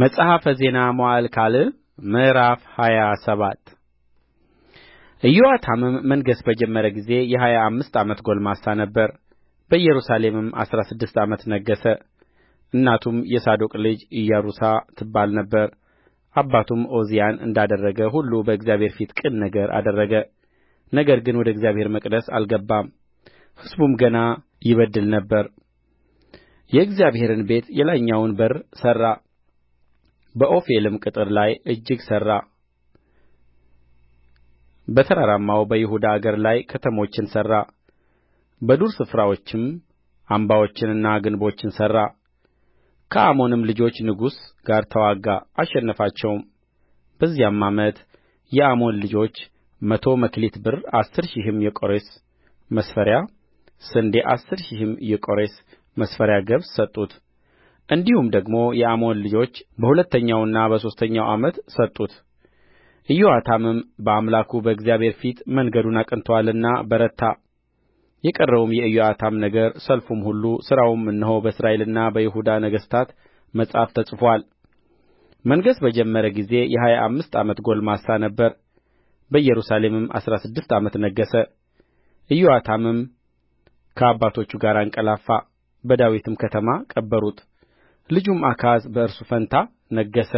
መጽሐፈ ዜና መዋዕል ካልዕ ምዕራፍ ሃያ ሰባት ኢዮአታምም መንገሥ በጀመረ ጊዜ የሀያ አምስት ዓመት ጕልማሳ ነበረ። በኢየሩሳሌምም አሥራ ስድስት ዓመት ነገሠ። እናቱም የሳዶቅ ልጅ ኢየሩሳ ትባል ነበር። አባቱም ዖዝያን እንዳደረገ ሁሉ በእግዚአብሔር ፊት ቅን ነገር አደረገ። ነገር ግን ወደ እግዚአብሔር መቅደስ አልገባም። ሕዝቡም ገና ይበድል ነበር። የእግዚአብሔርን ቤት የላይኛውን በር ሠራ፣ በዖፌልም ቅጥር ላይ እጅግ ሠራ በተራራማው በይሁዳ አገር ላይ ከተሞችን ሠራ በዱር ስፍራዎችም አምባዎችንና ግንቦችን ሠራ ከአሞንም ልጆች ንጉሥ ጋር ተዋጋ አሸነፋቸውም በዚያም ዓመት የአሞን ልጆች መቶ መክሊት ብር አሥር ሺህም የቆሬስ መስፈሪያ ስንዴ አሥር ሺህም የቆሬስ መስፈሪያ ገብስ ሰጡት እንዲሁም ደግሞ የአሞን ልጆች በሁለተኛውና በሦስተኛው ዓመት ሰጡት ኢዮአታምም በአምላኩ በእግዚአብሔር ፊት መንገዱን አቅንቶአልና በረታ የቀረውም የኢዮአታም ነገር ሰልፉም ሁሉ ሥራውም እነሆ በእስራኤልና በይሁዳ ነገሥታት መጽሐፍ ተጽፎአል መንገሥ በጀመረ ጊዜ የሀያ አምስት ዓመት ጕልማሳ ነበረ በኢየሩሳሌምም አሥራ ስድስት ዓመት ነገሠ ኢዮአታምም ከአባቶቹ ጋር አንቀላፋ በዳዊትም ከተማ ቀበሩት ልጁም አካዝ በእርሱ ፋንታ ነገሠ